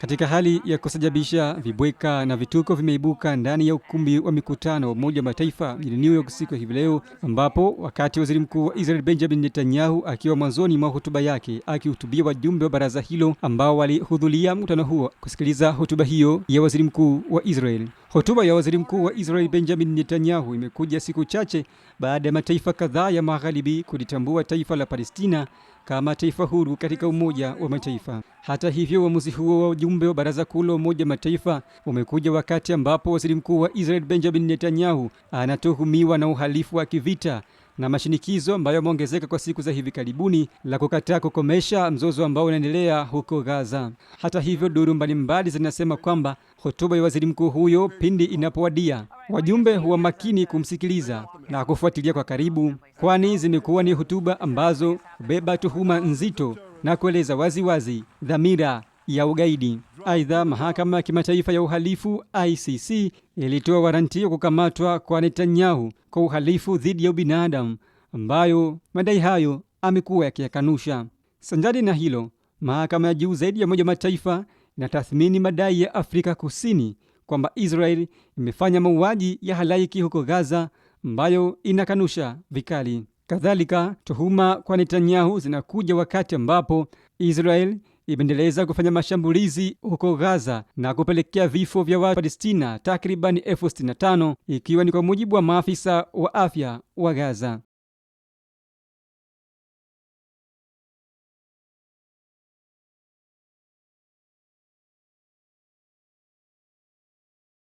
Katika hali ya kusajabisha, vibweka na vituko vimeibuka ndani ya ukumbi wa mikutano wa Umoja wa Mataifa mjini New York siku ya hivi leo, ambapo wakati waziri mkuu wa Israel Benjamin Netanyahu akiwa mwanzoni mwa hotuba yake akihutubia wajumbe wa baraza hilo ambao walihudhuria mkutano huo kusikiliza hotuba hiyo ya waziri mkuu wa Israel, Hotuba ya waziri mkuu wa Israel Benjamin Netanyahu imekuja siku chache baada ya mataifa kadhaa ya magharibi kulitambua taifa la Palestina kama taifa huru katika Umoja wa Mataifa. Hata hivyo, uamuzi huo wa ujumbe wa Baraza Kuu la Umoja Mataifa umekuja wakati ambapo waziri mkuu wa Israel Benjamin Netanyahu anatuhumiwa na uhalifu wa kivita na mashinikizo ambayo yameongezeka kwa siku za hivi karibuni la kukataa kukomesha mzozo ambao unaendelea huko Gaza. Hata hivyo, duru mbalimbali zinasema kwamba hotuba ya waziri mkuu huyo pindi inapowadia, wajumbe huwa makini kumsikiliza na kufuatilia kwa karibu, kwani zimekuwa ni hotuba ambazo hubeba tuhuma nzito na kueleza waziwazi wazi dhamira ya ugaidi. Aidha, mahakama ya kimataifa ya uhalifu ICC ilitoa waranti ya kukamatwa kwa Netanyahu kwa uhalifu dhidi ya ubinadamu, ambayo madai hayo amekuwa yakiyakanusha. Sanjari na hilo, mahakama ya juu zaidi ya Umoja wa Mataifa inatathmini madai ya Afrika Kusini kwamba Israel imefanya mauaji ya halaiki huko Gaza ambayo inakanusha vikali. Kadhalika, tuhuma kwa Netanyahu zinakuja wakati ambapo Israel imeendeleza kufanya mashambulizi huko Gaza na kupelekea vifo vya Palestina takribani elfu sitini na tano ikiwa ni kwa mujibu wa maafisa wa afya wa Gaza.